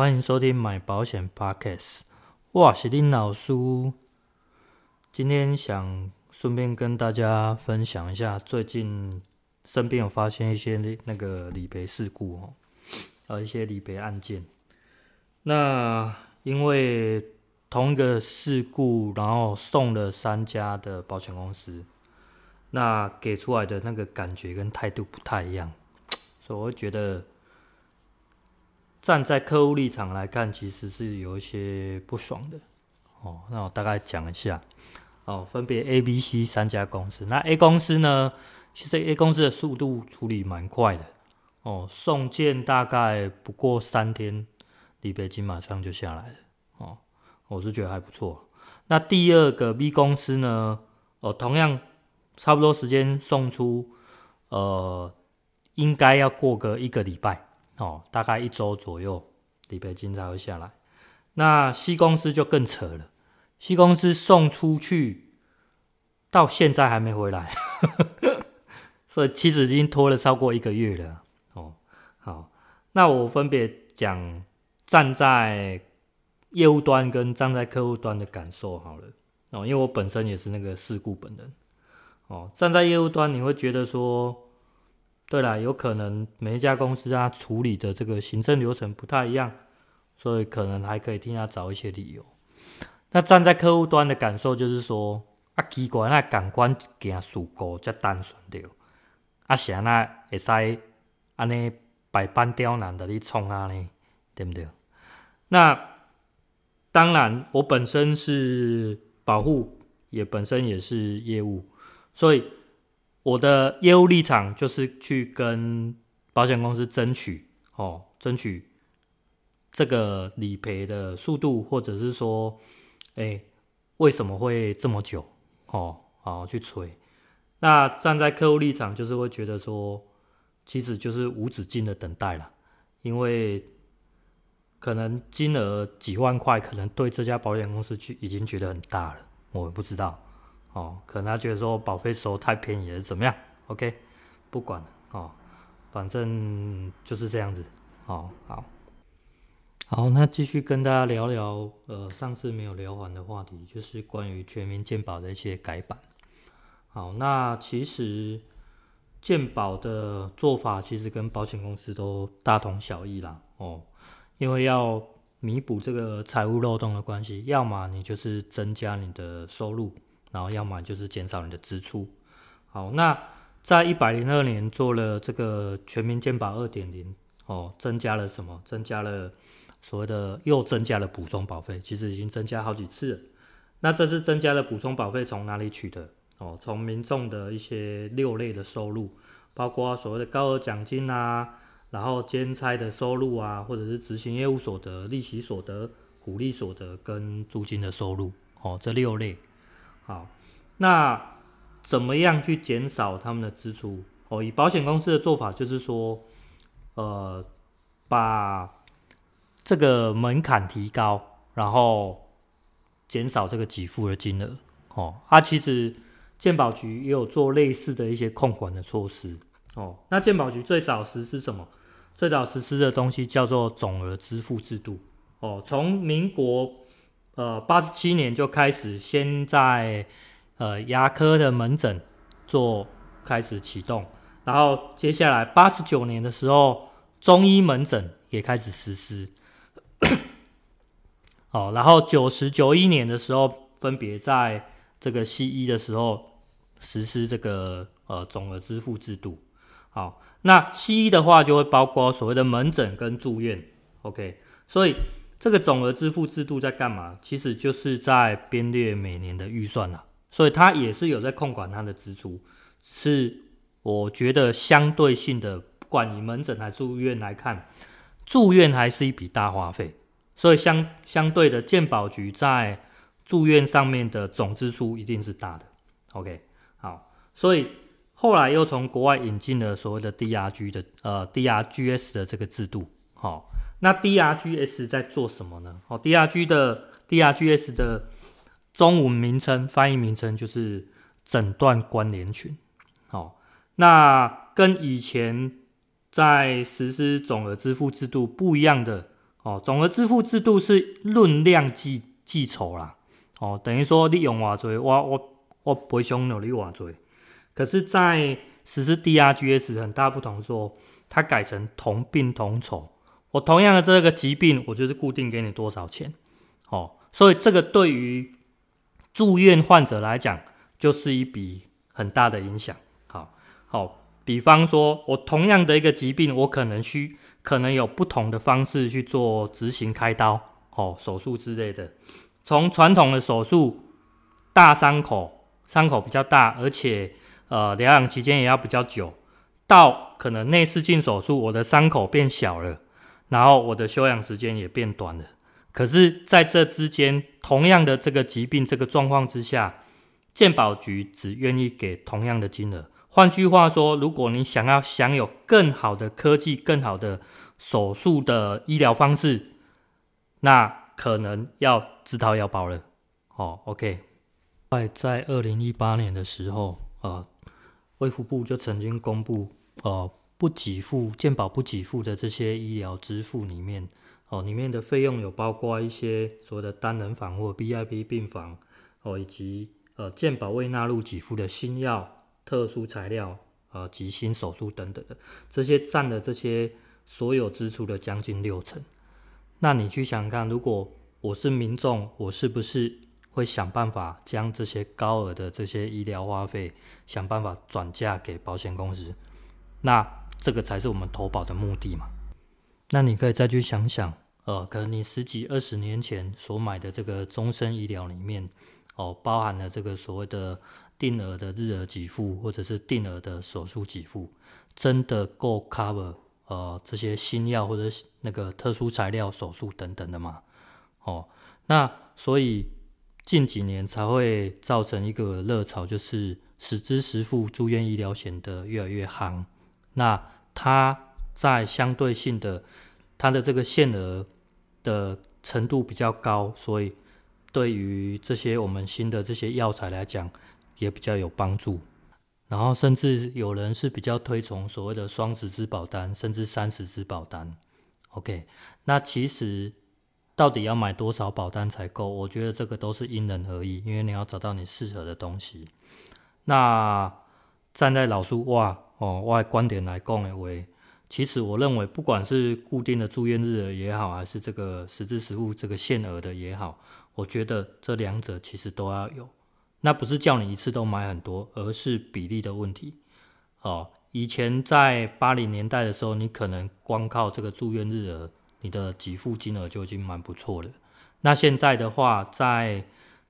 歡迎收聽買保險 Podcast，我是林老叔。今天想順便跟大家分享一下，最近身邊有發生一些那個理賠事故哦，呃，一些理賠案件。那因為同一個事故，然後送了三家的保險公司，那給出來的那個感覺跟態度不太一樣，所以我覺得。站在客戶立場來看，其實是有一些不爽的哦。那我大概講一下哦，分別 A、B、C 三家公司。那 A 公司呢，其實 A 公司的速度處理蠻快的哦，送件大概不過三天，理賠金馬上就下來了哦，我是覺得還不錯。那第二個 B 公司呢，哦，同樣差不多時間送出，呃，應該要過個一個禮拜。哦，大概一周左右理賠金才會下來。那 C 公司就更扯了，C 公司送出去到現在還沒回來， 所以其實已經拖了超過一個月了。哦，好，那我分別講站在業務端跟站在客戶端的感受好了。哦，因為我本身也是那個事故本人。哦，站在業務端你會覺得說。對啦，有可能每一家公司啊處理的這個行政流程不太一樣，所以可能還可以替他找一些理由。那站在客戶端的感受就是說，啊，機關啊感官行事故才單純掉，啊，誰啊會使安尼百般刁難的你衝哪尼，對不對？那當然，我本身是保護，也本身也是業務，所以。我的業務立場就是去跟保險公司爭取哦，爭取這個理賠的速度，或者是說，誒、欸，為什麼會這麼久？哦，啊、哦，去催。那站在客戶立場，就是會覺得說，其實就是無止境的等待了，因為可能金額幾萬塊，可能對這家保險公司去已經覺得很大了，我們不知道。哦，可能他覺得說保費收太便宜了，怎麼樣？OK，不管了哦，反正就是這樣子哦。好，好，那繼續跟大家聊聊，呃，上次沒有聊完的話題，就是關於全民健保的一些改版。好，那其實健保的做法其實跟保險公司都大同小異啦。哦，因為要彌補這個財務漏洞的關係，要麼你就是增加你的收入。然後，要麼就是減少你的支出。好，那在一百零二年做了這個全民健保二點零，哦，增加了什麼？增加了所謂的又增加了補充保費，其實已經增加好幾次了。那這次增加了補充保費，從哪裡取得？哦，從民眾的一些六類的收入，包括所謂的高額獎金啊，然後兼差的收入啊，或者是執行業務所得、利息所得、股利所得跟租金的收入，哦，這六類。好，那怎麼樣去減少他們的支出？哦，以保險公司的做法就是說，呃，把這個門檻提高，然後減少這個給付的金額。哦，啊，其實健保局也有做類似的一些控管的措施。哦，那健保局最早實施什麼？最早實施的東西叫做總額支付制度。哦，從民國。呃，八十七年就開始先在呃牙科的門診做開始啟動，然後接下來八十九年的時候，中醫門診也開始實施。好、 哦，然後九十、九十一年的時候，分別在這個西醫的時候實施這個呃總額支付制度。好，那西醫的話就會包括所謂的門診跟住院。OK，所以。這個總額支付制度在幹嘛？其實就是在編列每年的預算啦，所以它也是有在控管它的支出。是我覺得相對性的，不管以門診還是住院來看，住院還是一筆大花費，所以相相對的健保局在住院上面的總支出一定是大的。OK，好，所以後來又從國外引進了所謂的 DRG 的呃 DRGs 的這個制度，好。那 DRGs 在做什麼呢？哦，DRG 的 DRGs 的中文名稱翻譯名稱就是診斷關聯群。哦，那跟以前在實施總額支付制度不一樣的哦，總額支付制度是論量計計酬啦。哦，等於說你用多少，我我我賠償了你多少。可是，在實施 DRGs 很大不同說，說它改成同病同酬。我同樣的這個疾病，我就是固定給你多少錢，哦，所以這個對於住院患者來講，就是一筆很大的影響。好、哦、好、哦，比方說我同樣的一個疾病，我可能需可能有不同的方式去做執行開刀哦，手術之類的，從傳統的手術大傷口，傷口比較大，而且呃療養期間也要比較久，到可能內視鏡手術，我的傷口變小了。然後我的休養時間也變短了，可是在這之間，同樣的這個疾病、這個狀況之下，健保局只願意給同樣的金額。換句話說，如果你想要享有更好的科技、更好的手術的醫療方式，那可能要自掏腰包了。哦，OK，在二零一八年的時候，呃，衛福部就曾經公布，呃，不給付、健保不給付的這些醫療支付裡面，哦，裡面的費用有包括一些所謂的單人房或 VIP 病房，哦，以及呃健保未納入給付的新藥、特殊材料，呃及新手術等等的，這些占了這些所有支出的將近六成。那你去想想看，如果我是民眾，我是不是會想辦法將這些高額的這些醫療花費，想辦法轉嫁給保險公司？那，這個才是我們投保的目的嘛。那你可以再去想想，呃，可能你十幾二十年前所買的這個終身醫療裡面，哦、呃，包含了這個所謂的定額的日額給付，或者是定額的手術給付，真的夠 cover 呃這些新藥或者那個特殊材料手術等等的嗎？哦、呃，那所以近幾年才會造成一個熱潮，就是實支實付住院醫療險的越來越夯。那它在相對性的，它的這個限額的程度比較高，所以對於這些我們新的這些藥材來講，也比較有幫助。然後甚至有人是比較推崇所謂的雙十支保單，甚至三十支保單。OK，那其實到底要買多少保單才夠？我覺得這個都是因人而異，因為你要找到你適合的東西。那站在老樹哇。哦，外觀點來講，哎，為其實我認為，不管是固定的住院日額也好，還是這個實支實付這個限額的也好，我覺得這兩者其實都要有。那不是叫你一次都買很多，而是比例的問題。哦，以前在八零年代的時候，你可能光靠這個住院日額，你的給付金額就已經蠻不錯的。那現在的話，在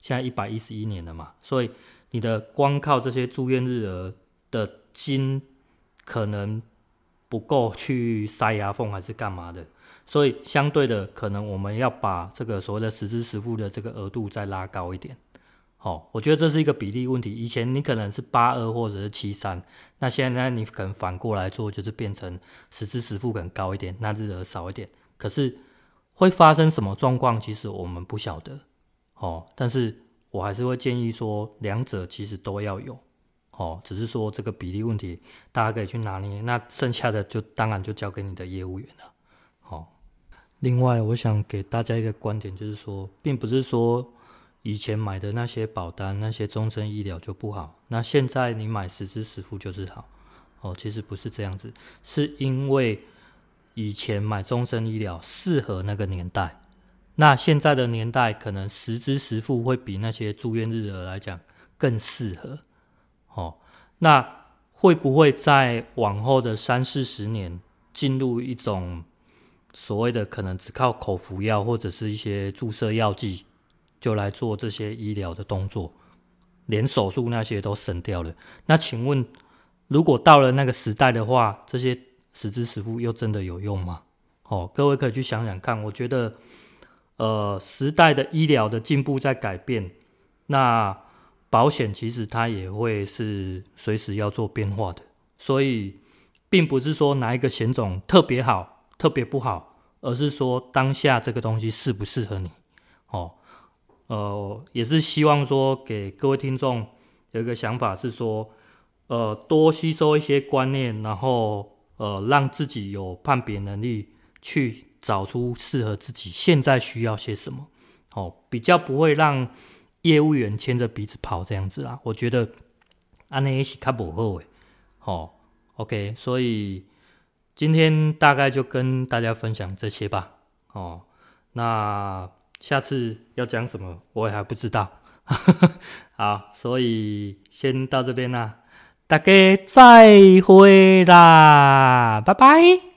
現在一百一十一年了嘛，所以你的光靠這些住院日額的金。可能不夠去塞牙縫還是幹嘛的，所以相對的，可能我們要把這個所謂的實支實付的這個額度再拉高一點。好，我覺得這是一個比例問題。以前你可能是八二或者是七三，那現在你可能反過來做，就是變成實支實付更高一點，那日額少一點。可是會發生什麼狀況，其實我們不曉得。哦，但是我還是會建議說，兩者其實都要有。哦，只是說這個比例問題，大家可以去拿捏。那剩下的就當然就交給你的業務員了。好，另外我想給大家一個觀點，就是說，並不是說以前買的那些保單、那些終身醫療就不好，那現在你買實支實付就是好。哦，其實不是這樣子，是因為以前買終身醫療適合那個年代，那現在的年代可能實支實付會比那些住院日額來講更適合。哦，那會不會在往後的三四十年進入一種所謂的可能只靠口服藥或者是一些注射藥劑就來做這些醫療的動作，連手術那些都省掉了？那請問，如果到了那個時代的話，這些實支實付又真的有用嗎？哦，各位可以去想想看，我覺得，呃，時代的醫療的進步在改變，那。保險其實它也會是隨時要做變化的，所以並不是說哪一個險種特別好、特別不好，而是說當下這個東西適不適合你。哦，呃，也是希望說給各位聽眾有一個想法是說，呃，多吸收一些觀念，然後呃，讓自己有判別能力，去找出適合自己現在需要些什麼。哦，比較不會讓。業務員牽着鼻子跑這樣子啦，我覺得安尼也是卡不好哎。哦，OK，所以今天大概就跟大家分享這些吧。哦，那下次要講什麼我也還不知道。呵呵，好，所以先到這邊啦，大家再會啦，拜拜。